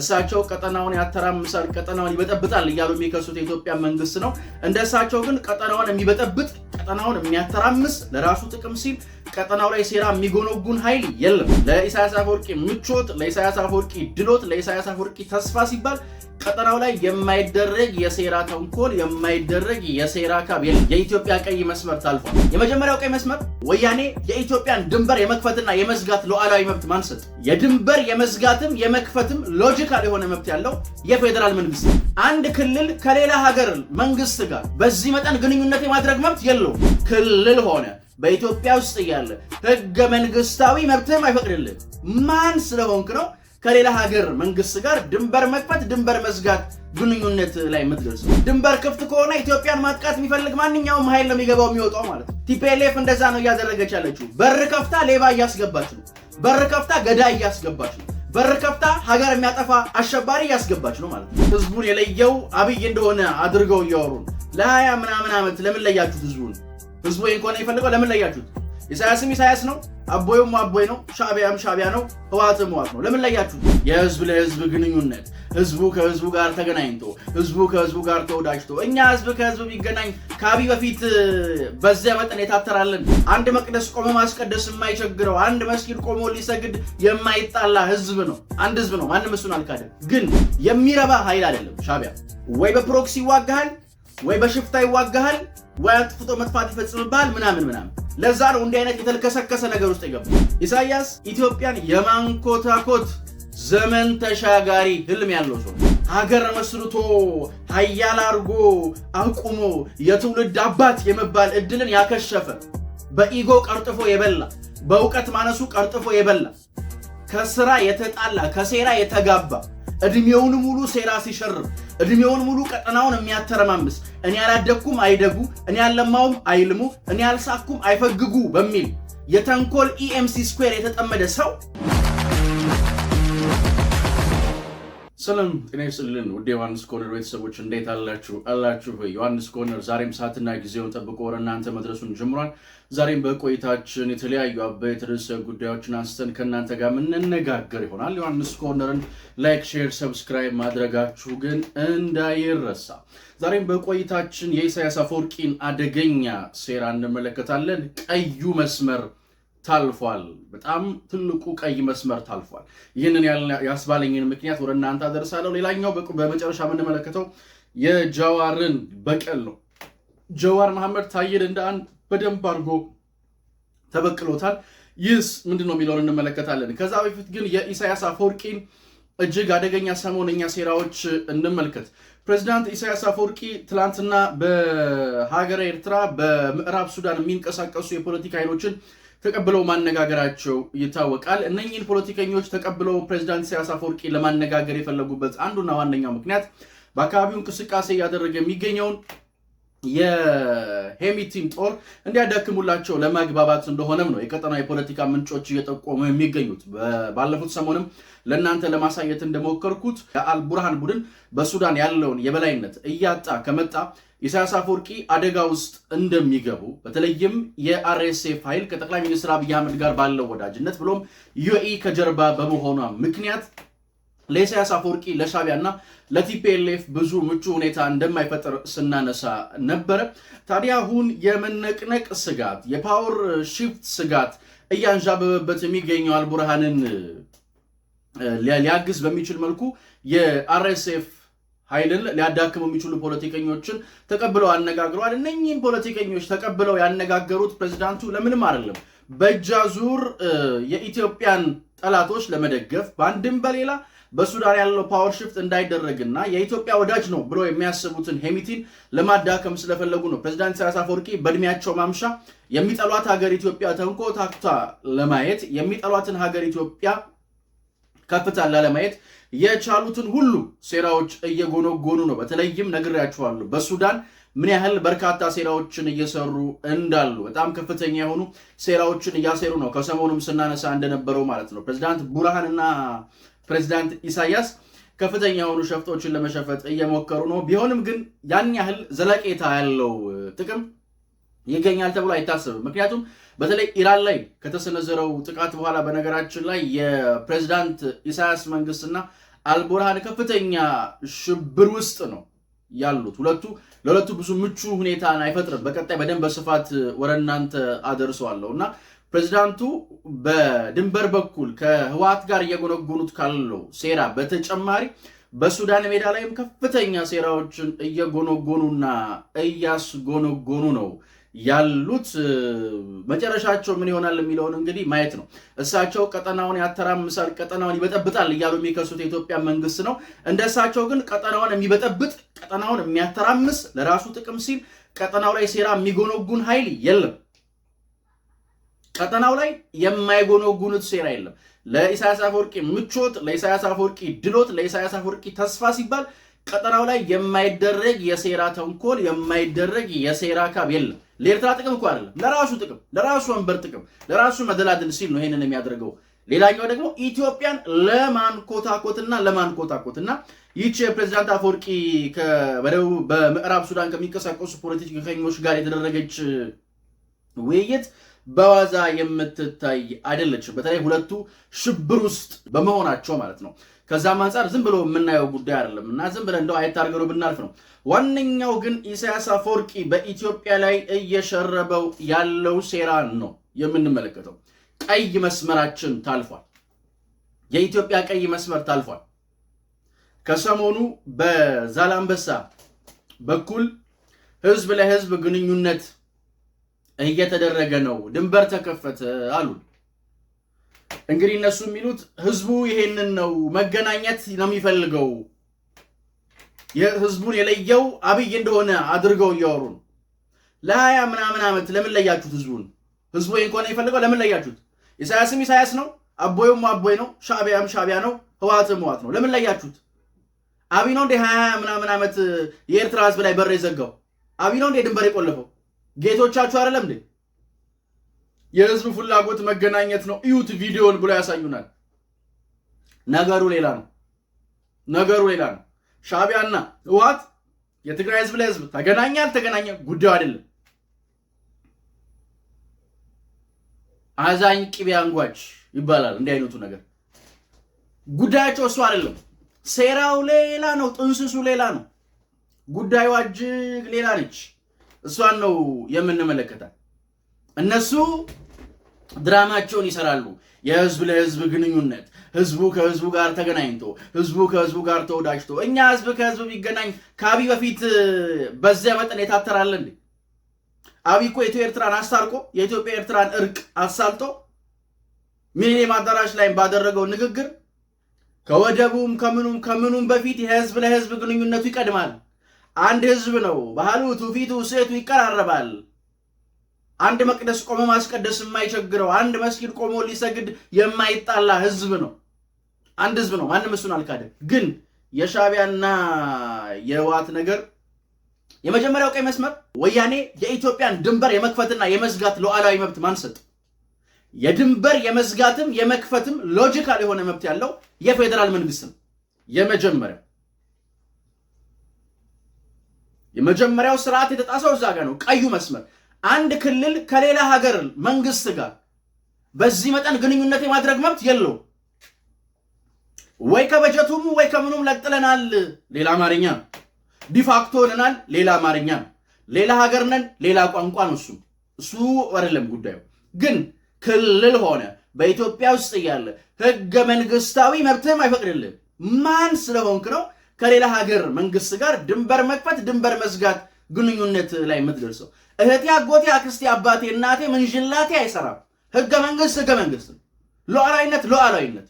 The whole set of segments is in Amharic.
እሳቸው ቀጠናውን ያተራምሳል፣ ቀጠናውን ይበጠብጣል እያሉ የሚከሱት የኢትዮጵያ መንግስት ነው። እንደ እሳቸው ግን ቀጠናውን የሚበጠብጥ ቀጠናውን የሚያተራምስ ለራሱ ጥቅም ሲል ቀጠናው ላይ ሴራ የሚጎነጉን ኃይል የለም። ለኢሳያስ አፈወርቂ ምቾት፣ ለኢሳያስ አፈወርቂ ድሎት፣ ለኢሳያስ አፈወርቂ ተስፋ ሲባል ቀጠናው ላይ የማይደረግ የሴራ ተንኮል፣ የማይደረግ የሴራ ካብ የለም። የኢትዮጵያ ቀይ መስመር ታልፏል። የመጀመሪያው ቀይ መስመር ወያኔ የኢትዮጵያን ድንበር የመክፈትና የመዝጋት ሉዓላዊ መብት ማንሰጥ፣ የድንበር የመዝጋትም የመክፈትም ሎጂካል የሆነ መብት ያለው የፌዴራል መንግስት አንድ ክልል ከሌላ ሀገር መንግስት ጋር በዚህ መጠን ግንኙነት የማድረግ መብት የለውም። ክልል ሆነ በኢትዮጵያ ውስጥ እያለ ህገ መንግስታዊ መብትህም አይፈቅድልህ። ማን ስለሆንክ ነው ከሌላ ሀገር መንግስት ጋር ድንበር መክፈት፣ ድንበር መዝጋት ግንኙነት ላይ የምትደርስ? ድንበር ክፍት ከሆነ ኢትዮጵያን ማጥቃት የሚፈልግ ማንኛውም ኃይል ነው የሚገባው የሚወጣው ማለት ነው። ቲፒኤልኤፍ እንደዛ ነው እያደረገች ያለችው። በር ከፍታ ሌባ እያስገባች ነው። በር ከፍታ ገዳይ እያስገባች ነው። በር ከፍታ ሀገር የሚያጠፋ አሸባሪ እያስገባች ነው ማለት ነው። ህዝቡን የለየው አብይ እንደሆነ አድርገው እያወሩ ለሀያ ምናምን ዓመት ለምን ለያችሁት? ህዝቡ ይህን ከሆነ የፈለገው ለምን ለያችሁት? ኢሳያስም ኢሳያስ ነው፣ አቦይም አቦይ ነው፣ ሻቢያም ሻቢያ ነው፣ ህዋትም ህዋት ነው። ለምን ለያችሁት? የህዝብ ለህዝብ ግንኙነት ህዝቡ ከህዝቡ ጋር ተገናኝቶ ህዝቡ ከህዝቡ ጋር ተወዳጅቶ እኛ ህዝብ ከህዝብ ቢገናኝ ከአቢ በፊት በዚያ መጠን የታተራለን። አንድ መቅደስ ቆሞ ማስቀደስ የማይቸግረው አንድ መስጊድ ቆሞ ሊሰግድ የማይጣላ ህዝብ ነው፣ አንድ ህዝብ ነው። ማንም እሱን አልካደም። ግን የሚረባ ኃይል አይደለም። ሻቢያ ወይ በፕሮክሲ ይዋጋሃል ወይ በሽፍታ ይዋጋሃል ወይ አጥፍቶ መጥፋት ይፈጽምብሃል ምናምን ምናምን። ለዛ ነው እንዲህ አይነት የተልከሰከሰ ነገር ውስጥ የገባ ኢሳያስ ኢትዮጵያን የማንኮታኮት ዘመን ተሻጋሪ ህልም ያለው ሰው ሀገር መስርቶ ሀያል አድርጎ አቁሞ የትውልድ አባት የመባል እድልን ያከሸፈ በኢጎ ቀርጥፎ የበላ በእውቀት ማነሱ ቀርጥፎ የበላ ከስራ የተጣላ ከሴራ የተጋባ እድሜውን ሙሉ ሴራ ሲሸርም እድሜውን ሙሉ ቀጠናውን የሚያተረማምስ እኔ አላደግኩም አይደጉ፣ እኔ አልለማውም አይልሙ፣ እኔ አልሳኩም አይፈግጉ በሚል የተንኮል ኢኤምሲ e ስኩዌር የተጠመደ ሰው ሰላም ጤና ይስጥልን ውድ ዮሐንስ ኮርነር ቤተሰቦች እንዴት አላችሁ አላችሁ? ዮሐንስ ኮርነር ዛሬም ሰዓትና ጊዜውን ጠብቆ ወደ እናንተ መድረሱን ጀምሯል። ዛሬም በቆይታችን የተለያዩ አበይት ርዕሰ ጉዳዮችን አንስተን ከእናንተ ጋር የምንነጋገር ይሆናል። ዮሐንስ ኮርነርን ላይክ፣ ሼር፣ ሰብስክራይብ ማድረጋችሁ ግን እንዳይረሳ። ዛሬም በቆይታችን የኢሳያስ አፈወርቂን አደገኛ ሴራ እንመለከታለን። ቀዩ መስመር ታልፏል። በጣም ትልቁ ቀይ መስመር ታልፏል። ይህንን ያስባለኝን ምክንያት ወደ እናንተ አደርሳለሁ። ሌላኛው በመጨረሻ የምንመለከተው የጀዋርን በቀል ነው። ጀዋር መሐመድ ታዬን እንደ አንድ በደንብ አድርጎ ተበቅሎታል። ይህስ ምንድን ነው የሚለውን እንመለከታለን። ከዛ በፊት ግን የኢሳያስ አፈወርቂን እጅግ አደገኛ ሰሞነኛ ሴራዎች እንመልከት። ፕሬዚዳንት ኢሳያስ አፈወርቂ ትላንትና በሀገረ ኤርትራ በምዕራብ ሱዳን የሚንቀሳቀሱ የፖለቲካ ኃይሎችን ተቀብለው ማነጋገራቸው ይታወቃል። እነኚህን ፖለቲከኞች ተቀብለው ፕሬዚዳንት ኢሳያስ አፈወርቂ ለማነጋገር የፈለጉበት አንዱና ዋነኛው ምክንያት በአካባቢው እንቅስቃሴ እያደረገ የሚገኘውን የሄሚቲን ጦር እንዲያዳክሙላቸው ለመግባባት እንደሆነም ነው የቀጠና የፖለቲካ ምንጮች እየጠቆሙ የሚገኙት። ባለፉት ሰሞንም ለእናንተ ለማሳየት እንደሞከርኩት የአልቡርሃን ቡድን በሱዳን ያለውን የበላይነት እያጣ ከመጣ ኢሳያስ አፈወርቂ አደጋ ውስጥ እንደሚገቡ በተለይም የአርኤስኤፍ ኃይል ከጠቅላይ ሚኒስትር አብይ አህመድ ጋር ባለው ወዳጅነት ብሎም ዩኤ ከጀርባ በመሆኗ ምክንያት ለኢሳያስ አፈወርቂ ለሻቢያና ለቲፒኤልኤፍ ብዙ ምቹ ሁኔታ እንደማይፈጥር ስናነሳ ነበረ። ታዲያ አሁን የመነቅነቅ ስጋት፣ የፓወር ሺፍት ስጋት እያንዣበበበት የሚገኘው አልቡርሃንን ሊያግዝ በሚችል መልኩ የአርኤስኤፍ ኃይልን ሊያዳክሙ የሚችሉ ፖለቲከኞችን ተቀብለው አነጋግረዋል። እነኚህን ፖለቲከኞች ተቀብለው ያነጋገሩት ፕሬዚዳንቱ ለምንም አይደለም፣ በእጅ አዙር የኢትዮጵያን ጠላቶች ለመደገፍ በአንድም በሌላ በሱዳን ያለው ፓወር ሽፍት እንዳይደረግና የኢትዮጵያ ወዳጅ ነው ብሎ የሚያስቡትን ሄሚቲን ለማዳከም ስለፈለጉ ነው። ፕሬዚዳንት ኢሳያስ አፈወርቂ በእድሜያቸው ማምሻ የሚጠሏት ሀገር ኢትዮጵያ ተንኮታክታ ለማየት የሚጠሏትን ሀገር ኢትዮጵያ ከፍታላ ለማየት የቻሉትን ሁሉ ሴራዎች እየጎነጎኑ ነው። በተለይም ነግሬያችኋለሁ በሱዳን ምን ያህል በርካታ ሴራዎችን እየሰሩ እንዳሉ በጣም ከፍተኛ የሆኑ ሴራዎችን እያሴሩ ነው። ከሰሞኑም ስናነሳ እንደነበረው ማለት ነው ፕሬዚዳንት ቡርሃን እና ፕሬዚዳንት ኢሳያስ ከፍተኛ የሆኑ ሸፍጦችን ለመሸፈጥ እየሞከሩ ነው። ቢሆንም ግን ያን ያህል ዘለቄታ ያለው ጥቅም ይገኛል ተብሎ አይታሰብም። ምክንያቱም በተለይ ኢራን ላይ ከተሰነዘረው ጥቃት በኋላ በነገራችን ላይ የፕሬዚዳንት ኢሳያስ መንግስትና አልቦርሃን ከፍተኛ ሽብር ውስጥ ነው ያሉት። ሁለቱ ለሁለቱ ብዙ ምቹ ሁኔታን አይፈጥርም። በቀጣይ በደንብ በስፋት ወደ እናንተ አደርሰዋለሁ እና ፕሬዚዳንቱ በድንበር በኩል ከህወሓት ጋር እየጎነጎኑት ካለው ሴራ በተጨማሪ በሱዳን ሜዳ ላይም ከፍተኛ ሴራዎችን እየጎነጎኑና እያስጎነጎኑ ነው ያሉት መጨረሻቸው ምን ይሆናል የሚለውን እንግዲህ ማየት ነው። እሳቸው ቀጠናውን ያተራምሳል፣ ቀጠናውን ይበጠብጣል እያሉ የሚከሱት የኢትዮጵያ መንግስት ነው። እንደ እሳቸው ግን ቀጠናውን የሚበጠብጥ ቀጠናውን የሚያተራምስ ለራሱ ጥቅም ሲል ቀጠናው ላይ ሴራ የሚጎነጉን ኃይል የለም። ቀጠናው ላይ የማይጎነጉኑት ሴራ የለም። ለኢሳያስ አፈወርቂ ምቾት፣ ለኢሳያስ አፈወርቂ ድሎት፣ ለኢሳያስ አፈወርቂ ተስፋ ሲባል ቀጠናው ላይ የማይደረግ የሴራ ተንኮል የማይደረግ የሴራ ካብ የለም። ለኤርትራ ጥቅም እኮ አይደለም፣ ለራሱ ጥቅም፣ ለራሱ ወንበር ጥቅም፣ ለራሱ መደላድል ሲል ነው ይሄንን የሚያደርገው። ሌላኛው ደግሞ ኢትዮጵያን ለማንኮታኮትና ለማንኮታኮትና ይህች የፕሬዚዳንት አፈወርቂ በደቡብ በምዕራብ ሱዳን ከሚንቀሳቀሱ ፖለቲከኞች ጋር የተደረገች ውይይት በዋዛ የምትታይ አይደለችም። በተለይ ሁለቱ ሽብር ውስጥ በመሆናቸው ማለት ነው። ከዛም አንጻር ዝም ብሎ የምናየው ጉዳይ አይደለም እና ዝም ብለ እንደው አየት ብናልፍ ነው። ዋነኛው ግን ኢሳያስ አፈወርቂ በኢትዮጵያ ላይ እየሸረበው ያለው ሴራ ነው የምንመለከተው። ቀይ መስመራችን ታልፏል። የኢትዮጵያ ቀይ መስመር ታልፏል። ከሰሞኑ በዛላምበሳ በኩል ህዝብ ለህዝብ ግንኙነት እየተደረገ ነው፣ ድንበር ተከፈተ አሉን። እንግዲህ እነሱ የሚሉት ህዝቡ ይሄንን ነው መገናኘት ነው የሚፈልገው። ህዝቡን የለየው አብይ እንደሆነ አድርገው እያወሩን ለሀያ ምናምን ዓመት ለምን ለያችሁት? ህዝቡን ህዝቡ ይሄን ከሆነ የፈለገው ለምን ለያችሁት? ኢሳያስም ኢሳያስ ነው፣ አቦይም አቦይ ነው፣ ሻቢያም ሻቢያ ነው፣ ህዋትም ህዋት ነው። ለምን ለያችሁት? አብይ ነው እንዴ ሀያ ምናምን ዓመት የኤርትራ ህዝብ ላይ በር የዘጋው አብይ ነው እንዴ ድንበር የቆለፈው ጌቶቻችሁ አይደለም እንዴ? የህዝብ ፍላጎት መገናኘት ነው፣ እዩት ቪዲዮን ብሎ ያሳዩናል። ነገሩ ሌላ ነው። ነገሩ ሌላ ነው። ሻቢያና ህወሓት የትግራይ ህዝብ ለህዝብ ተገናኘ አልተገናኘ ጉዳዩ አይደለም። አዛኝ ቅቤ አንጓች ይባላል እንዲህ አይነቱ ነገር። ጉዳያቸው እሱ አይደለም። ሴራው ሌላ ነው። ጥንስሱ ሌላ ነው። ጉዳዩ እጅግ ሌላ ነች። እሷን ነው የምንመለከታት። እነሱ ድራማቸውን ይሰራሉ። የህዝብ ለህዝብ ግንኙነት፣ ህዝቡ ከህዝቡ ጋር ተገናኝቶ፣ ህዝቡ ከህዝቡ ጋር ተወዳጅቶ፣ እኛ ህዝብ ከህዝብ ቢገናኝ ከአብይ በፊት በዚያ መጠን የታተራለን። እንዴ? አብይ እኮ ኢትዮ ኤርትራን አስታርቆ የኢትዮጵያ ኤርትራን እርቅ አሳልጦ ሚሊኒየም አዳራሽ ላይ ባደረገው ንግግር ከወደቡም ከምኑም ከምኑም በፊት የህዝብ ለህዝብ ግንኙነቱ ይቀድማል። አንድ ህዝብ ነው፣ ባህሉ፣ ትውፊቱ፣ እሴቱ ይቀራረባል አንድ መቅደስ ቆሞ ማስቀደስ የማይቸግረው አንድ መስጊድ ቆሞ ሊሰግድ የማይጣላ ህዝብ ነው። አንድ ህዝብ ነው። ማንም እሱን አልካደም። ግን የሻቢያና የህወሓት ነገር የመጀመሪያው ቀይ መስመር ወያኔ የኢትዮጵያን ድንበር የመክፈትና የመዝጋት ሉዓላዊ መብት ማንሰጥ የድንበር የመዝጋትም የመክፈትም ሎጂካል የሆነ መብት ያለው የፌዴራል መንግስት ነው። የመጀመሪያው የመጀመሪያው ስርዓት የተጣሰው እዛ ጋ ነው። ቀዩ መስመር አንድ ክልል ከሌላ ሀገር መንግስት ጋር በዚህ መጠን ግንኙነት የማድረግ መብት የለው ወይ ከበጀቱም ወይ ከምኑም ለጥለናል ሌላ አማርኛ ዲፋክቶ ሆነናል፣ ሌላ አማርኛ ሌላ ሀገር ነን፣ ሌላ ቋንቋ ነው። እሱ እሱ አይደለም ጉዳዩ። ግን ክልል ሆነ በኢትዮጵያ ውስጥ እያለ ህገ መንግስታዊ መብትህም አይፈቅድልህ። ማን ስለሆንክ ነው ከሌላ ሀገር መንግስት ጋር ድንበር መክፈት ድንበር መዝጋት ግንኙነት ላይ የምትደርሰው። እህቴ፣ አጎቴ፣ አክስቴ፣ አባቴ፣ እናቴ ምንዥላቴ አይሰራም። ህገ መንግስት ህገ መንግስት ነው። ሉዓላዊነት ሉዓላዊነት።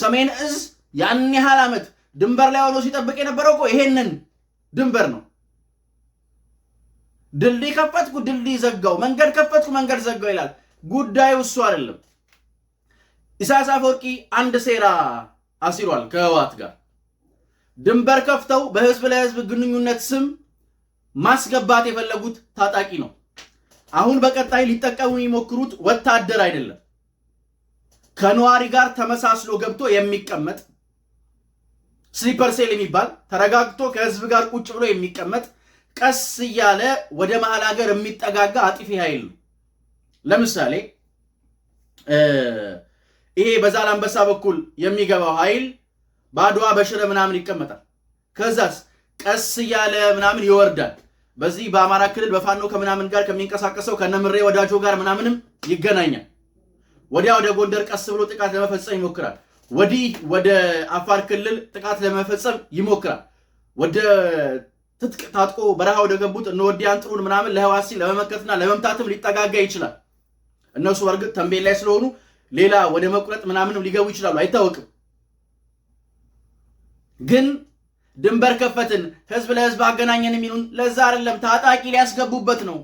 ሰሜን እዝ ያን ያህል ዓመት ድንበር ላይ ሆኖ ሲጠብቅ የነበረው እኮ ይሄንን ድንበር ነው። ድልድይ ከፈትኩ ድልድይ ዘጋው፣ መንገድ ከፈትኩ መንገድ ዘጋው ይላል። ጉዳዩ እሱ አይደለም። ኢሳያስ አፈወርቂ አንድ ሴራ አሲሯል ከህወሓት ጋር ድንበር ከፍተው በህዝብ ለህዝብ ግንኙነት ስም ማስገባት የፈለጉት ታጣቂ ነው። አሁን በቀጣይ ሊጠቀሙ የሚሞክሩት ወታደር አይደለም፣ ከነዋሪ ጋር ተመሳስሎ ገብቶ የሚቀመጥ ስሊፐር ሴል የሚባል ተረጋግቶ ከህዝብ ጋር ቁጭ ብሎ የሚቀመጥ ቀስ እያለ ወደ መሀል ሀገር የሚጠጋጋ አጥፊ ኃይል ነው። ለምሳሌ ይሄ በዛላምበሳ በኩል የሚገባው ኃይል በአድዋ በሽረ ምናምን ይቀመጣል። ከዛስ ቀስ እያለ ምናምን ይወርዳል። በዚህ በአማራ ክልል በፋኖ ከምናምን ጋር ከሚንቀሳቀሰው ከነምሬ ወዳጆ ጋር ምናምንም ይገናኛል። ወዲያ ወደ ጎንደር ቀስ ብሎ ጥቃት ለመፈጸም ይሞክራል። ወዲህ ወደ አፋር ክልል ጥቃት ለመፈጸም ይሞክራል። ወደ ትጥቅ ታጥቆ በረሃ ወደ ገቡት እንወዲ አንጥሩን ምናምን ለህዋሲ ለመመከትና ለመምታትም ሊጠጋጋ ይችላል። እነሱ በእርግጥ ተንቤን ላይ ስለሆኑ ሌላ ወደ መቁረጥ ምናምንም ሊገቡ ይችላሉ፣ አይታወቅም። ግን ድንበር ከፈትን፣ ህዝብ ለህዝብ አገናኘን የሚሉን ለዛ አይደለም። ታጣቂ ሊያስገቡበት ነው።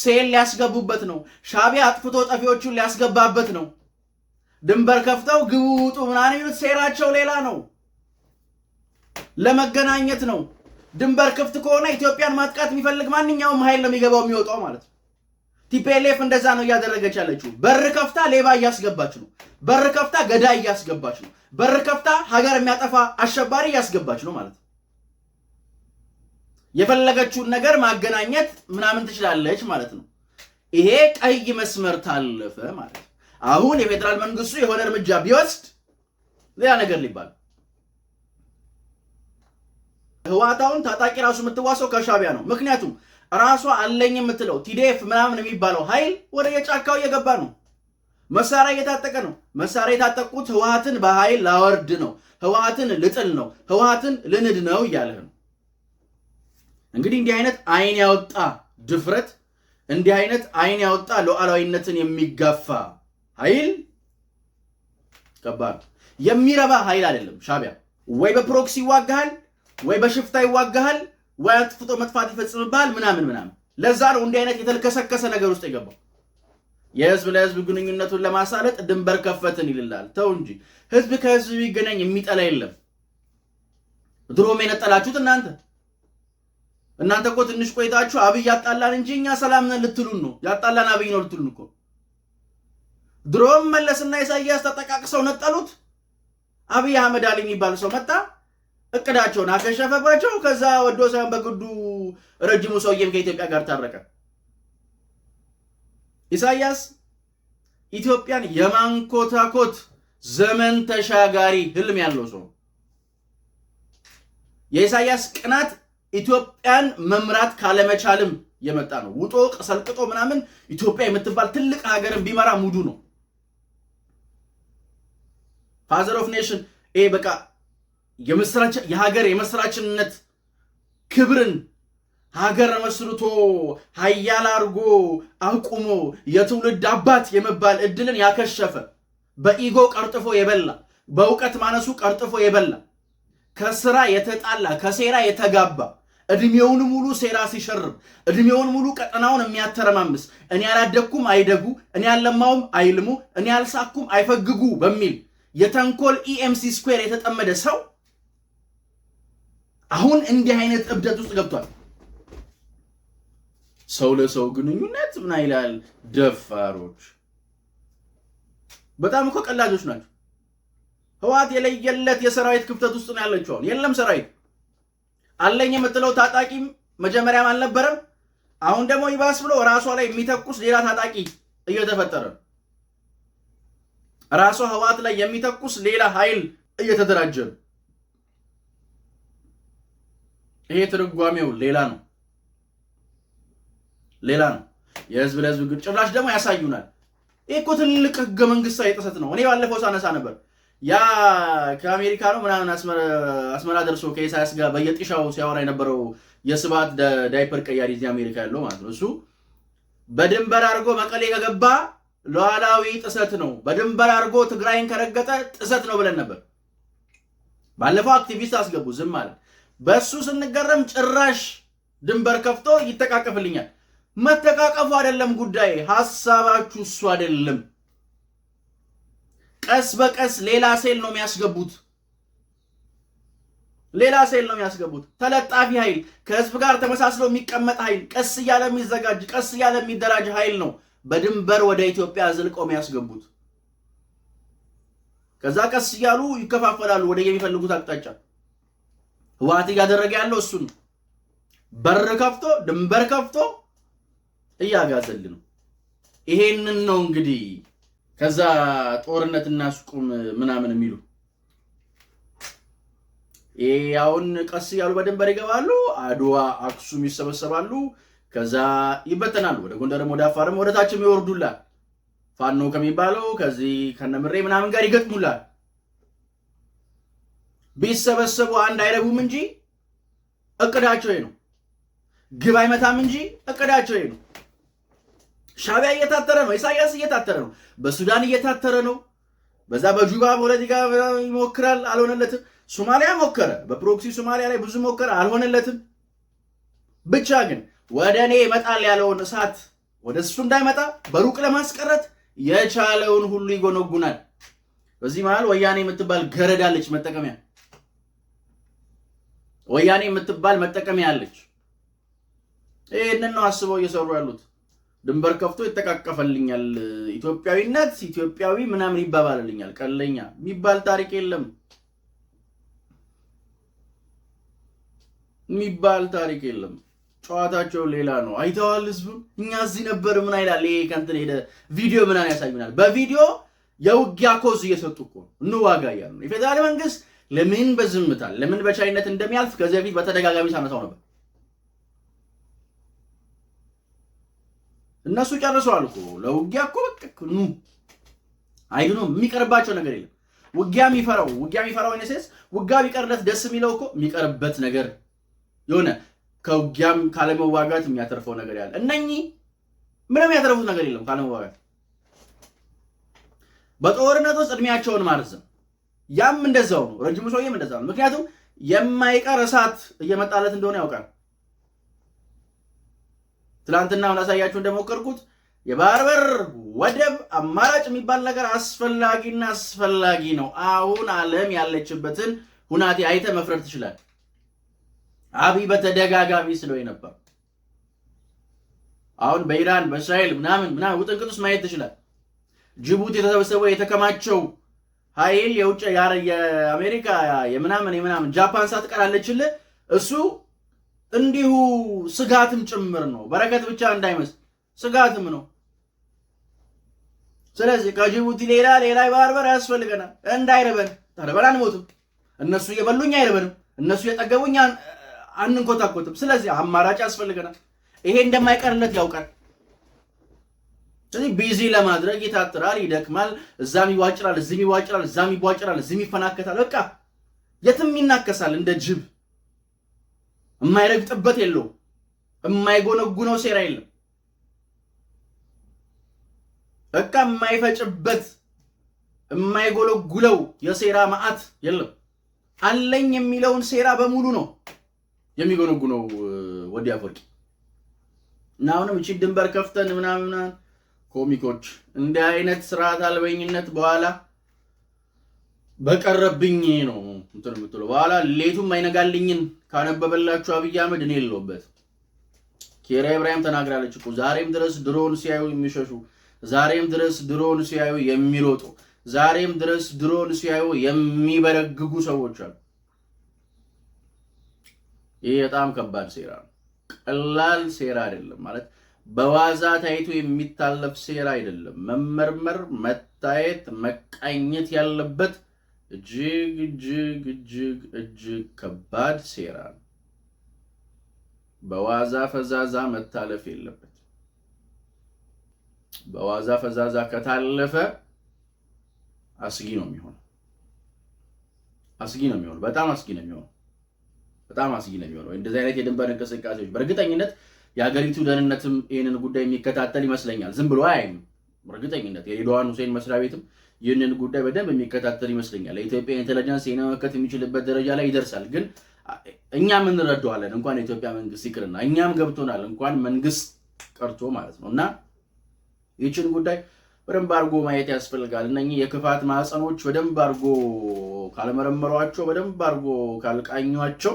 ሴል ሊያስገቡበት ነው። ሻቢያ አጥፍቶ ጠፊዎቹን ሊያስገባበት ነው። ድንበር ከፍተው ግቡ ውጡ ምናምን የሚሉት ሴራቸው ሌላ ነው። ለመገናኘት ነው። ድንበር ክፍት ከሆነ ኢትዮጵያን ማጥቃት የሚፈልግ ማንኛውም ኃይል ነው የሚገባው የሚወጣው ማለት ነው። ቲፒኤልኤፍ እንደዛ ነው እያደረገች ያለችው። በር ከፍታ ሌባ እያስገባች ነው። በር ከፍታ ገዳይ እያስገባች ነው። በር ከፍታ ሀገር የሚያጠፋ አሸባሪ እያስገባች ነው ማለት ነው። የፈለገችውን ነገር ማገናኘት ምናምን ትችላለች ማለት ነው። ይሄ ቀይ መስመር ታለፈ ማለት ነው። አሁን የፌዴራል መንግስቱ የሆነ እርምጃ ቢወስድ ሌላ ነገር ሊባል ህዋታውን ታጣቂ ራሱ የምትዋሰው ከሻቢያ ነው። ምክንያቱም ራሷ አለኝ የምትለው ቲዴፍ ምናምን የሚባለው ኃይል ወደ የጫካው እየገባ ነው። መሳሪያ እየታጠቀ ነው። መሳሪያ የታጠቁት ህወሓትን በኃይል ላወርድ ነው፣ ህወሓትን ልጥል ነው፣ ህወሓትን ልንድ ነው እያለህ ነው። እንግዲህ እንዲህ አይነት አይን ያወጣ ድፍረት፣ እንዲህ አይነት አይን ያወጣ ሉዓላዊነትን የሚጋፋ ኃይል ከባድ የሚረባ ኃይል አይደለም። ሻቢያ ወይ በፕሮክሲ ይዋጋሃል፣ ወይ በሽፍታ ይዋጋሃል፣ ወይ አጥፍቶ መጥፋት ይፈጽምብሃል ምናምን ምናምን። ለዛ ነው እንዲህ አይነት የተልከሰከሰ ነገር ውስጥ የገባው። የህዝብ ለህዝብ ግንኙነቱን ለማሳለጥ ድንበር ከፈትን ይልላል። ተው እንጂ ህዝብ ከህዝብ ቢገናኝ የሚጠላ የለም። ድሮም የነጠላችሁት እናንተ እናንተ እኮ ትንሽ ቆይታችሁ አብይ ያጣላን እንጂ እኛ ሰላም ነን ልትሉን ነው። ያጣላን አብይ ነው ልትሉን እኮ። ድሮም መለስና ኢሳያስ ተጠቃቅሰው ነጠሉት። አብይ አህመድ አሊ የሚባል ሰው መጣ፣ እቅዳቸውን አከሸፈባቸው። ከዛ ወዶ ሳይሆን በግዱ ረጅሙ ሰውዬም ከኢትዮጵያ ጋር ታረቀ። ኢሳያስ ኢትዮጵያን የማንኮታኮት ዘመን ተሻጋሪ ህልም ያለው ሰው የኢሳያስ ቅናት ኢትዮጵያን መምራት ካለመቻልም የመጣ ነው። ውጦ ቀሰልቅጦ ምናምን ኢትዮጵያ የምትባል ትልቅ ሀገርን ቢመራ ሙዱ ነው። ፋዘር ኦፍ ኔሽን ይሄ በቃ የሀገር የመስራችነት ክብርን ሀገር መስርቶ ሀያል አርጎ አቁሞ የትውልድ አባት የመባል እድልን ያከሸፈ በኢጎ ቀርጥፎ የበላ በእውቀት ማነሱ ቀርጥፎ የበላ ከስራ የተጣላ ከሴራ የተጋባ እድሜውን ሙሉ ሴራ ሲሸርብ እድሜውን ሙሉ ቀጠናውን የሚያተረማምስ እኔ ያላደግኩም አይደጉ፣ እኔ ያልለማውም አይልሙ፣ እኔ ያልሳኩም አይፈግጉ በሚል የተንኮል ኢኤምሲ e ስኩዌር የተጠመደ ሰው አሁን እንዲህ አይነት እብደት ውስጥ ገብቷል። ሰው ለሰው ግንኙነት ምን ይላል? ደፋሮች በጣም እኮ ቀላጆች ናቸው። ህወሓት የለየለት የሰራዊት ክፍተት ውስጥ ነው ያለችው። አሁን የለም ሰራዊት አለኝ የምትለው ታጣቂም መጀመሪያም አልነበረም። አሁን ደግሞ ይባስ ብሎ ራሷ ላይ የሚተኩስ ሌላ ታጣቂ እየተፈጠረ ነው። ራሷ ህወሓት ላይ የሚተኩስ ሌላ ኃይል እየተደራጀ ነው። ይሄ ትርጓሜው ሌላ ነው። ሌላ ነው። የህዝብ ለህዝብ ግን ጭራሽ ደግሞ ያሳዩናል። ይህ እኮ ትልቅ ህገ መንግስታዊ ጥሰት ነው። እኔ ባለፈው ሳነሳ ነበር ያ ከአሜሪካ ነው ምናምን አስመራ ደርሶ ከኢሳያስ ጋር በየጥሻው ሲያወራ የነበረው የስብሐት ዳይፐር ቀያሪ እዚህ አሜሪካ ያለው ማለት ነው። እሱ በድንበር አድርጎ መቀሌ ከገባ ሉዓላዊ ጥሰት ነው፣ በድንበር አድርጎ ትግራይን ከረገጠ ጥሰት ነው ብለን ነበር። ባለፈው አክቲቪስት አስገቡ፣ ዝም አለ። በእሱ ስንገረም ጭራሽ ድንበር ከፍቶ ይተቃቀፍልኛል መተቃቀፉ አይደለም ጉዳይ፣ ሐሳባችሁ እሱ አይደለም። ቀስ በቀስ ሌላ ሴል ነው የሚያስገቡት፣ ሌላ ሴል ነው የሚያስገቡት። ተለጣፊ ኃይል፣ ከህዝብ ጋር ተመሳስሎ የሚቀመጥ ኃይል፣ ቀስ እያለ የሚዘጋጅ ቀስ እያለ የሚደራጅ ኃይል ነው በድንበር ወደ ኢትዮጵያ ዘልቀው የሚያስገቡት። ከዛ ቀስ እያሉ ይከፋፈላሉ ወደ የሚፈልጉት አቅጣጫ። ህወሓት እያደረገ ያለው እሱን በር ከፍቶ ድንበር ከፍቶ እያጋዘልን ነው። ይሄንን ነው እንግዲህ ከዛ ጦርነት እናስቁም ምናምን የሚሉ አሁን ቀስ እያሉ በድንበር ይገባሉ። አድዋ አክሱም ይሰበሰባሉ። ከዛ ይበተናሉ። ወደ ጎንደርም ወደ አፋርም ወደ ታችም ይወርዱላል። ፋኖ ከሚባለው ከዚህ ከነምሬ ምናምን ጋር ይገጥሙላል። ቢሰበሰቡ አንድ አይረቡም እንጂ እቅዳቸው ነው። ግብ አይመታም እንጂ እቅዳቸው ነው። ሻቢያ እየታተረ ነው። ኢሳያስ እየታተረ ነው። በሱዳን እየታተረ ነው። በዛ በጁባ ፖለቲካ ይሞክራል፣ አልሆነለትም። ሶማሊያ ሞከረ፣ በፕሮክሲ ሶማሊያ ላይ ብዙ ሞከረ፣ አልሆነለትም። ብቻ ግን ወደ እኔ ይመጣል ያለውን እሳት ወደ እሱ እንዳይመጣ በሩቅ ለማስቀረት የቻለውን ሁሉ ይጎነጉናል። በዚህ መሃል ወያኔ የምትባል ገረዳለች መጠቀሚያ ወያኔ የምትባል መጠቀሚያ አለች። ይህንን ነው አስበው እየሰሩ ያሉት። ድንበር ከፍቶ ይጠቃቀፈልኛል። ኢትዮጵያዊነት ኢትዮጵያዊ ምናምን ይባባልልኛል። ቀለኛ የሚባል ታሪክ የለም የሚባል ታሪክ የለም። ጨዋታቸው ሌላ ነው። አይተዋል። ህዝቡን እኛ እዚህ ነበር ምን አይላል። ይሄ ከንትን ሄደ ቪዲዮ ምናምን ያሳዩናል። በቪዲዮ የውጊያ ኮዝ እየሰጡ እኮ ነው። እንዋጋ እያሉ ነው። የፌዴራል መንግስት ለምን በዝምታል ለምን በቻይነት እንደሚያልፍ ከዚህ በፊት በተደጋጋሚ ሳነሳው ነበር። እነሱ ጨርሰዋል እኮ ለውጊያ እኮ በቃ ኑ አይድኑ የሚቀርባቸው ነገር የለም። ውጊያ የሚፈራው ውጊያ የሚፈራው ኢነሴንስ ውጊያ ቢቀርለት ደስ የሚለው እኮ የሚቀርበት ነገር የሆነ ከውጊያም ካለመዋጋት የሚያተርፈው ነገር ያለ እነኚህ ምንም ያተረፉት ነገር የለም ካለመዋጋት በጦርነት ውስጥ እድሜያቸውን ማርዘም ያም እንደዛው ነው። ረጅሙ ሰውዬም እንደዛ ነው። ምክንያቱም የማይቀር እሳት እየመጣለት እንደሆነ ያውቃል። ትላንትና ላሳያችሁ እንደሞከርኩት የባህር በር ወደብ አማራጭ የሚባል ነገር አስፈላጊና አስፈላጊ ነው። አሁን ዓለም ያለችበትን ሁናቴ አይተ መፍረድ ትችላል። አብይ በተደጋጋሚ ስለሆነ ነበር። አሁን በኢራን በእስራኤል ምናምን ምናምን ውጥንቅጥ ማየት ትችላል። ጅቡቲ የተሰበሰበው የተከማቸው ኃይል የውጭ የአሜሪካ የምናምን የምናምን ጃፓን ሳትቀር አለችልህ እሱ እንዲሁ ስጋትም ጭምር ነው። በረከት ብቻ እንዳይመስል ስጋትም ነው። ስለዚህ ከጅቡቲ ሌላ ሌላ የባህር በር ያስፈልገናል። እንዳይርበን ተርበን አንሞትም። እነሱ እየበሉኝ አይርበንም። እነሱ እየጠገቡኝ አንንኮታኮትም። ስለዚህ አማራጭ ያስፈልገናል። ይሄ እንደማይቀርለት ያውቃል። ስለዚህ ቢዚ ለማድረግ ይታትራል፣ ይደክማል። እዛም ይዋጭራል፣ እዚህም ይዋጭራል፣ እዛም ይዋጭራል፣ እዚህም ይፈናከታል። በቃ የትም ይናከሳል እንደ ጅብ። የማይረግጥበት የለውም። የማይጎነጉነው ሴራ የለም። በቃ የማይፈጭበት የማይጎለጉለው የሴራ መዓት የለም። አለኝ የሚለውን ሴራ በሙሉ ነው የሚጎነጉነው ወዲያ አፈወርቂ እና አሁንም እቺ ድንበር ከፍተን ምናምን ኮሚኮች እንዲህ አይነት ስርዓት አልበኝነት በኋላ በቀረብኝ ነው እንትን የምትለው በኋላ ሌቱም አይነጋልኝን ካነበበላችሁ አብይ አህመድ እኔ የለውበት ኬራ ኢብራሂም ተናግራለች እኮ ዛሬም ድረስ ድሮን ሲያዩ የሚሸሹ ዛሬም ድረስ ድሮን ሲያዩ የሚሮጡ ዛሬም ድረስ ድሮን ሲያዩ የሚበረግጉ ሰዎች አሉ። ይህ በጣም ከባድ ሴራ ነው። ቀላል ሴራ አይደለም ማለት በዋዛ ታይቶ የሚታለፍ ሴራ አይደለም። መመርመር፣ መታየት፣ መቃኘት ያለበት እጅግ እጅግ እጅግ እጅግ ከባድ ሴራ ነው። በዋዛ ፈዛዛ መታለፍ የለበት። በዋዛ ፈዛዛ ከታለፈ አስጊ ነው የሚሆነው። አስጊ ነው የሚሆነው። በጣም አስጊ ነው የሚሆነው። በጣም አስጊ ነው የሚሆነው። እንደዚህ አይነት የድንበር እንቅስቃሴዎች በእርግጠኝነት የሀገሪቱ ደህንነትም ይህንን ጉዳይ የሚከታተል ይመስለኛል። ዝም ብሎ አይም እርግጠኝነት የሬድዋን ሁሴን መስሪያ ቤትም ይህንን ጉዳይ በደንብ የሚከታተል ይመስለኛል። የኢትዮጵያ ኢንቴለጀንስ ይህን መመከት የሚችልበት ደረጃ ላይ ይደርሳል። ግን እኛም እንረዳዋለን፣ እንኳን የኢትዮጵያ መንግስት ይቅርና እኛም ገብቶናል፣ እንኳን መንግስት ቀርቶ ማለት ነው እና ይህችን ጉዳይ በደንብ አድርጎ ማየት ያስፈልጋል። እነኚህ የክፋት ማዕፀኖች በደንብ አድርጎ ካልመረመሯቸው፣ በደንብ አድርጎ ካልቃኟቸው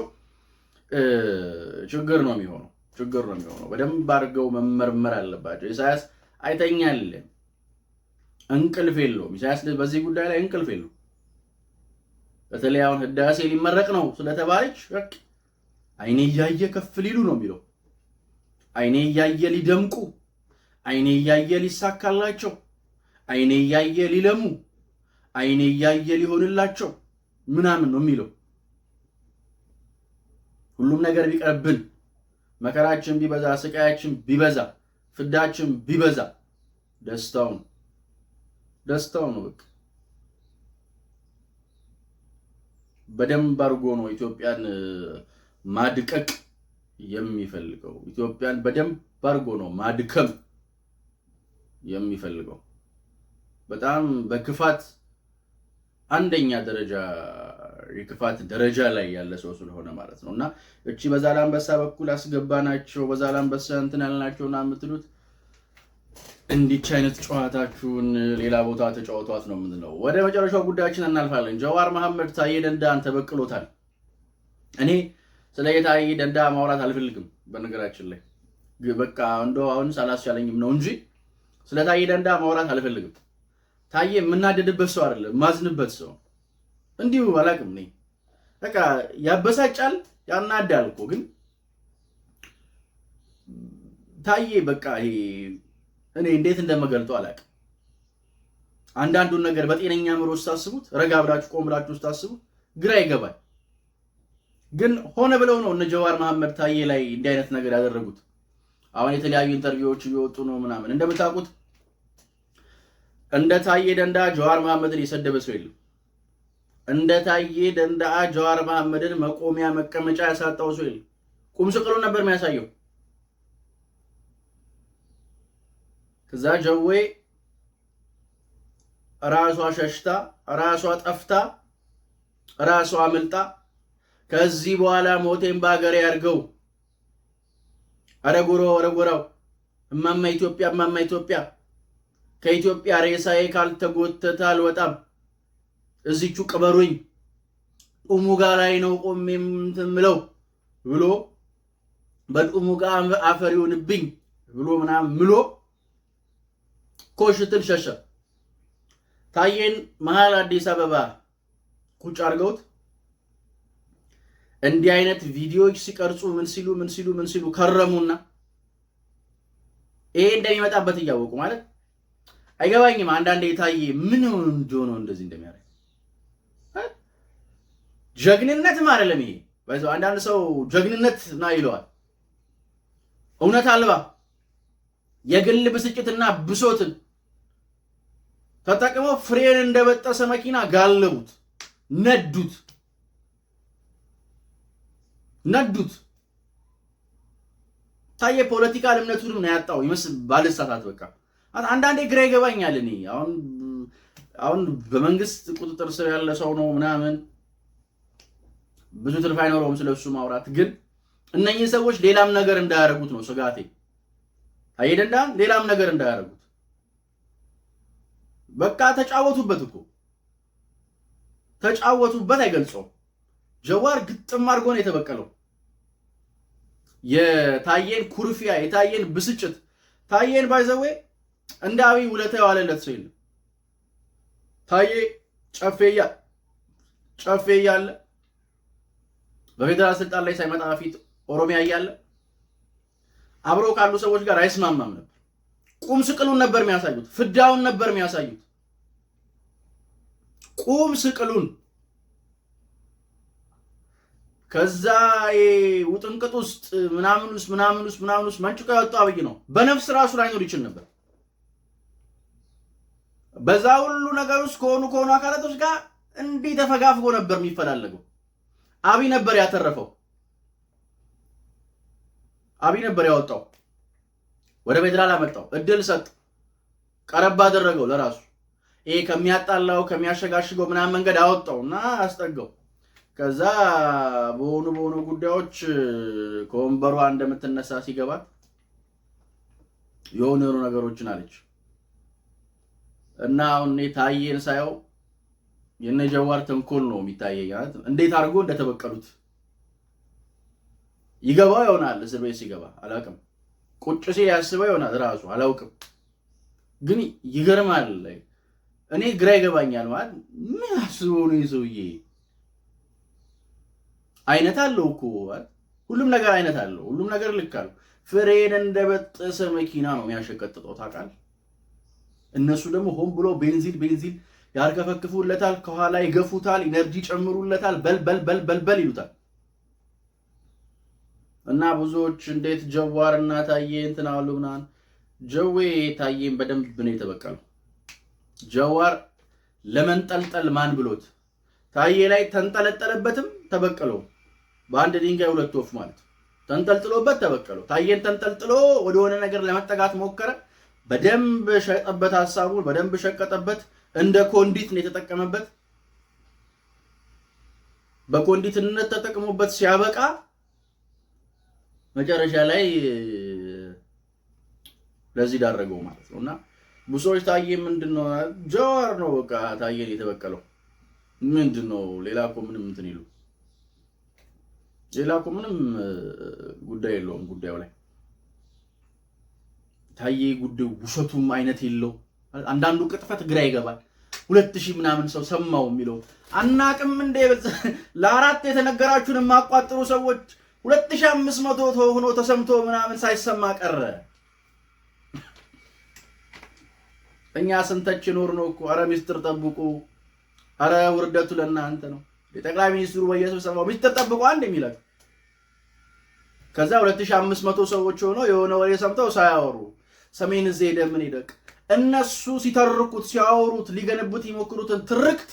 ችግር ነው የሚሆነው ችግር ነው የሚሆነው። በደንብ አድርገው መመርመር አለባቸው። ኢሳያስ አይተኛልን እንቅልፍ የለውም። ኢሳያስ በዚህ ጉዳይ ላይ እንቅልፍ የለውም። በተለይ አሁን ህዳሴ ሊመረቅ ነው ስለተባለች አይኔ እያየ ከፍ ሊሉ ነው የሚለው አይኔ እያየ ሊደምቁ፣ አይኔ እያየ ሊሳካላቸው፣ አይኔ እያየ ሊለሙ፣ አይኔ እያየ ሊሆንላቸው ምናምን ነው የሚለው። ሁሉም ነገር ቢቀርብን፣ መከራችን ቢበዛ፣ ስቃያችን ቢበዛ፣ ፍዳችን ቢበዛ ደስታውን ደስታው ነው። በቃ በደንብ አድርጎ ነው ኢትዮጵያን ማድቀቅ የሚፈልገው። ኢትዮጵያን በደንብ አድርጎ ነው ማድከም የሚፈልገው። በጣም በክፋት አንደኛ ደረጃ የክፋት ደረጃ ላይ ያለ ሰው ስለሆነ ማለት ነው። እና እቺ በዛላምበሳ በኩል አስገባ ናቸው በዛላምበሳ እንትን ያልናቸውና የምትሉት እንዲች አይነት ጨዋታችሁን ሌላ ቦታ ተጫወቷት ነው የምንለው። ወደ መጨረሻው ጉዳያችን እናልፋለን። ጀዋር መሐመድ ታዬ ደንዳን ተበቅሎታል። እኔ ስለ የታዬ ደንዳ ማውራት አልፈልግም። በነገራችን ላይ በቃ እንደ አሁን አላስቻለኝም ነው እንጂ ስለ ታዬ ደንዳ ማውራት አልፈልግም። ታዬ የምናደድበት ሰው አይደለም፣ ማዝንበት ሰው እንዲሁ አላቅም እኔ በቃ ያበሳጫል፣ ያናዳል እኮ ግን ታዬ በቃ እኔ እንዴት እንደምገልጠው አላውቅም። አንዳንዱን ነገር በጤነኛ ምሮ ስታስቡት፣ ረጋ ብላችሁ ቆም ብላችሁ ስታስቡት ግራ ይገባል። ግን ሆነ ብለው ነው እነ ጀዋር መሐመድ ታዬ ላይ እንዲህ አይነት ነገር ያደረጉት። አሁን የተለያዩ ኢንተርቪዎች እየወጡ ነው ምናምን። እንደምታውቁት እንደ ታዬ ደንዳ ጀዋር መሐመድን የሰደበ ሰው የለም። እንደ ታዬ ደንዳ ጀዋር መሐመድን መቆሚያ መቀመጫ ያሳጣው ሰው የለም። ቁምስቅሉን ነበር የሚያሳየው። ከዛ ጀዌ ራሷ ሸሽታ ራሷ ጠፍታ ራሷ አምልጣ ከዚህ በኋላ ሞቴን በሀገሬ ያርገው። አረጉሮ አረጉራው እማማ ኢትዮጵያ እማማ ኢትዮጵያ ከኢትዮጵያ ሬሳዬ ካልተጎተተ አልወጣም። እዚቹ ቅበሩኝ ጡሙጋ ላይ ነው ቁም የምትምለው ምለው ብሎ በጡሙጋ አፈር ይሆንብኝ። ብሎ ምናምን ምሎ ኮሽትን ሸሸ። ታዬን መሀል አዲስ አበባ ቁጭ አድርገውት እንዲህ አይነት ቪዲዮዎች ሲቀርጹ ምን ሲሉ ምን ሲሉ ምን ሲሉ ከረሙና ይሄ እንደሚመጣበት እያወቁ ማለት አይገባኝም። አንዳንዴ ታዬ ምን እንደሆነ እንደዚህ እንደሚያደርግ ጀግንነትም አይደለም ይሄ። አንዳንድ ሰው ጀግንነት ና ይለዋል። እውነት አልባ የግል ብስጭትና ብሶትን ተጠቅመው ፍሬን እንደበጠሰ መኪና ጋለቡት፣ ነዱት፣ ነዱት። ታየ ፖለቲካል እምነቱንም ነው ያጣው ይመስል ባለሳታት በቃ አንዳንዴ ግራ ይገባኛል። እኔ አሁን አሁን በመንግስት ቁጥጥር ስር ያለ ሰው ነው ምናምን ብዙ ትርፍ አይኖረውም ስለሱ ማውራት። ግን እነኚህ ሰዎች ሌላም ነገር እንዳያደርጉት ነው ስጋቴ። አይደንዳ ሌላም ነገር እንዳያደርጉት በቃ ተጫወቱበት እኮ ተጫወቱበት አይገልጾም። ጀዋር ግጥም አድርጎ ነው የተበቀለው። የታየን ኩርፊያ፣ የታየን ብስጭት፣ ታየን ባይዘዌ እንደ አብይ ውለታ የዋለለት ሰው የለም። ታዬ ጨፌ እያለ በፌዴራል ስልጣን ላይ ሳይመጣ በፊት ኦሮሚያ እያለ አብረው ካሉ ሰዎች ጋር አይስማማም ነበር። ቁም ስቅሉን ነበር የሚያሳዩት፣ ፍዳውን ነበር የሚያሳዩት። ቁም ስቅሉን ከዛ ውጥንቅጥ ውስጥ ምናምን ውስጥ ምናምን ውስጥ ምናምን ውስጥ መንጭቆ ያወጣ አብይ ነው። በነፍስ ራሱ ላይኖር ይችል ነበር። በዛ ሁሉ ነገር ውስጥ ከሆኑ ከሆኑ አካላቶች ጋር እንዲህ ተፈጋፍጎ ነበር የሚፈላለገው። አብይ ነበር ያተረፈው። አብይ ነበር ያወጣው። ወደ ፌዴራል አመጣው፣ እድል ሰጥ፣ ቀረብ አደረገው ለራሱ ይሄ ከሚያጣላው ከሚያሸጋሽገው ምናምን መንገድ አወጣው እና አስጠጋው። ከዛ በሆኑ በሆኑ ጉዳዮች ከወንበሯ እንደምትነሳ ሲገባት የሆኑ ነገሮችን አለች እና አሁን እኔ ታዬን ሳየው የነ ጀዋር ተንኮል ነው የሚታየኝ። እንዴት አድርጎ እንደተበቀሉት ይገባው ይሆናል እስር ቤት ሲገባ አላውቅም። ቁጭ ሲል ያስበው ይሆናል ራሱ አላውቅም፣ ግን ይገርማል። እኔ ግራ ይገባኛል። ማለት ምን አስቦ ነው የሰውዬ? አይነት አለው እኮ ሁሉም ነገር አይነት አለው። ሁሉም ነገር ልክ አለው። ፍሬን እንደበጠሰ መኪና ነው የሚያሸቀጥጠው ታቃል። እነሱ ደግሞ ሆን ብሎ ቤንዚን ቤንዚን ያርከፈክፉለታል፣ ከኋላ ይገፉታል፣ ኢነርጂ ጨምሩለታል፣ በልበል በልበል በል ይሉታል። እና ብዙዎች እንዴት ጀዋር እና ታዬ እንትን አሉ ምናምን። ጀዌ ታዬን በደንብ ነው የተበቀለው። ጀዋር ለመንጠልጠል ማን ብሎት ታዬ ላይ ተንጠለጠለበትም ተበቀለው። በአንድ ድንጋይ ሁለት ወፍ ማለት ተንጠልጥሎበት ተበቀለው። ታዬን ተንጠልጥሎ ወደሆነ ነገር ለመጠጋት ሞከረ። በደንብ ሸጠበት፣ ሀሳቡ በደንብ ሸቀጠበት። እንደ ኮንዲት ነው የተጠቀመበት። በኮንዲትነት ተጠቅሞበት ሲያበቃ መጨረሻ ላይ ለዚህ ዳረገው ማለት ነው እና ብዙዎች ታዬ ምንድን ነው ጀዋር ነው በቃ ታዬን የተበቀለው ምንድን ነው? ሌላ እኮ ምንም እንትን ይሉ ሌላ እኮ ምንም ጉዳይ የለውም ጉዳዩ ላይ ታዬ ጉዳዩ ውሸቱም አይነት የለው። አንዳንዱ ቅጥፈት ግራ ይገባል። ሁለት ሺህ ምናምን ሰው ሰማው የሚለው አናቅም እንደ ለአራት የተነገራችሁን የማቋጥሩ ሰዎች ሁለት ሺህ አምስት መቶ ሆኖ ተሰምቶ ምናምን ሳይሰማ ቀረ። እኛ ስንተች ኖር ነው እኮ። አረ ሚስጥር ጠብቁ፣ አረ ውርደቱ ለእናንተ ነው። የጠቅላይ ሚኒስትሩ በየስብሰባው ሚስጥር ጠብቁ አንድ የሚላል ከዛ 2500 ሰዎች ሆኖ የሆነ ወሬ ሰምተው ሳያወሩ ሰሜን እዚህ ሄደ ምን ይደቅ እነሱ ሲተርኩት ሲያወሩት ሊገነቡት ይሞክሩትን ትርክት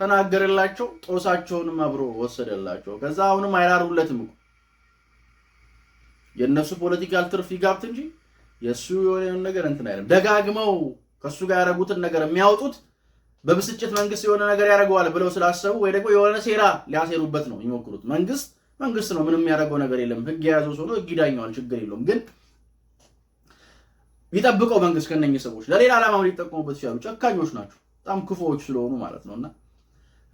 ተናገረላቸው። ጦሳቸውንም አብሮ ወሰደላቸው። ከዛ አሁንም አይራሩለትም እኮ የእነሱ ፖለቲካል ትርፍ ይጋብት እንጂ የእሱ የሆነ ነገር እንትን አይለም። ደጋግመው ከእሱ ጋር ያደረጉትን ነገር የሚያወጡት በብስጭት መንግስት የሆነ ነገር ያደርገዋል ብለው ስላሰቡ ወይ ደግሞ የሆነ ሴራ ሊያሴሩበት ነው የሚሞክሩት። መንግስት መንግስት ነው፣ ምንም ያደረገው ነገር የለም። ህግ የያዘው ሰው ነው፣ ህግ ይዳኘዋል፣ ችግር የለውም። ግን ሊጠብቀው መንግስት ከነኝህ ሰዎች ለሌላ ዓላማ ሊጠቀሙበት ይችላሉ። ጨካኞች ናቸው፣ በጣም ክፉዎች ስለሆኑ ማለት ነው እና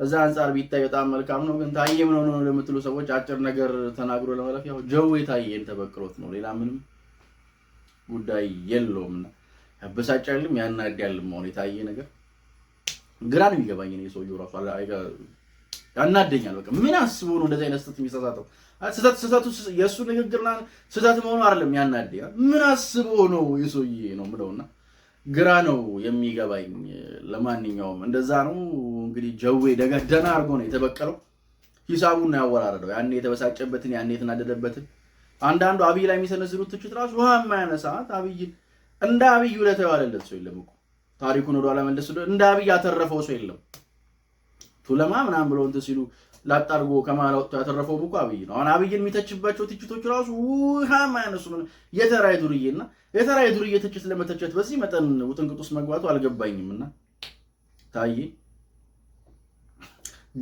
ከዛ አንጻር ቢታይ በጣም መልካም ነው። ግን ታዬ ምን ነው ለምትሉ ሰዎች አጭር ነገር ተናግሮ ለማለፍ ያው ጀው የታየን ተበቅሎት ነው፣ ሌላ ምንም ጉዳይ የለውምና ያበሳጫልም ያናዳልም። አሁን የታየ ነገር ግራ ነው የሚገባኝ ነው የሰውየው ራሱ ያናደኛል። በቃ ምን አስቦ ነው እንደዚህ አይነት ስህተት የሚሳሳተው? ስህተት ስህተቱ የእሱ ንግግርና ስህተት መሆኑ አይደለም ያናደኛል። ምን አስቦ ነው የሰውዬ ነው ምለውና ግራ ነው የሚገባኝ። ለማንኛውም እንደዛ ነው እንግዲህ ጀዌ ደጋደና አድርጎ ነው የተበቀለው። ሂሳቡን ነው ያወራረደው። ያኔ የተበሳጨበትን ያኔ የተናደደበትን አንዳንዱ አብይ ላይ የሚሰነዝሩት ትችት ራሱ ውሃ የማያነሳት አብይን እንደ አብይ ውለታ የዋለለት ሰው የለም እኮ ታሪኩን ወደ ኋላ መለስ እንደ አብይ ያተረፈው ሰው የለም። ቱለማ ምናምን ብለው እንትን ሲሉ ላጣርጎ ከመሀል አውጥቶ ያተረፈውም እኮ አብይ ነው። አሁን አብይን የሚተችባቸው ትችቶች ራሱ ውሃ ማያነሱ የተራ ዱርዬና የተራይ ዱርዬ ትችት ለመተቸት በዚህ መጠን ውጥንቅጥ ውስጥ መግባቱ አልገባኝም። እና ታዬ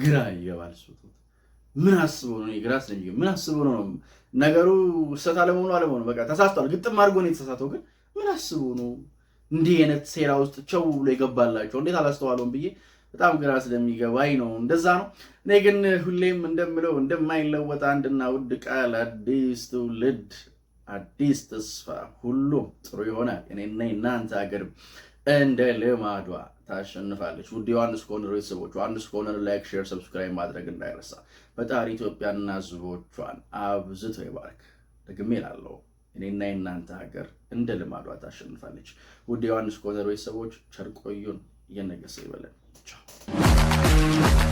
ግራ ይገባል። ምን አስበው ነው ግራ ምን አስበው ነው ነገሩ? ስተት አለመሆኑ አለመሆኑ በቃ ተሳስቷል። ግጥም አድርጎ ነው የተሳሳተው ግን ምን አስቡ ነው እንዲህ አይነት ሴራ ውስጥ ቸው ብሎ የገባላቸው? እንዴት አላስተዋለውም ብዬ በጣም ግራ ስለሚገባኝ ነው። እንደዛ ነው። እኔ ግን ሁሌም እንደምለው እንደማይለወጥ አንድና ውድ ቃል፣ አዲስ ትውልድ፣ አዲስ ተስፋ፣ ሁሉም ጥሩ ይሆናል። እኔና እናንተ ሀገርም እንደ ልማዷ ታሸንፋለች። ውድ ዮሐንስ ኮርነር ቤተሰቦች ዮሐንስ ኮርነር ላይክ፣ ሼር፣ ሰብስክራይብ ማድረግ እንዳይረሳ። ፈጣሪ ኢትዮጵያና ሕዝቦቿን አብዝቶ ይባርክ። ደግሜ እላለሁ። እኔና የእናንተ ሀገር እንደ ልማዷ ታሸንፋለች። ውድ ዮሐንስ ኮርነር ቤተሰቦች ቸርቆዩን እየነገሰ ይበለን። ቻው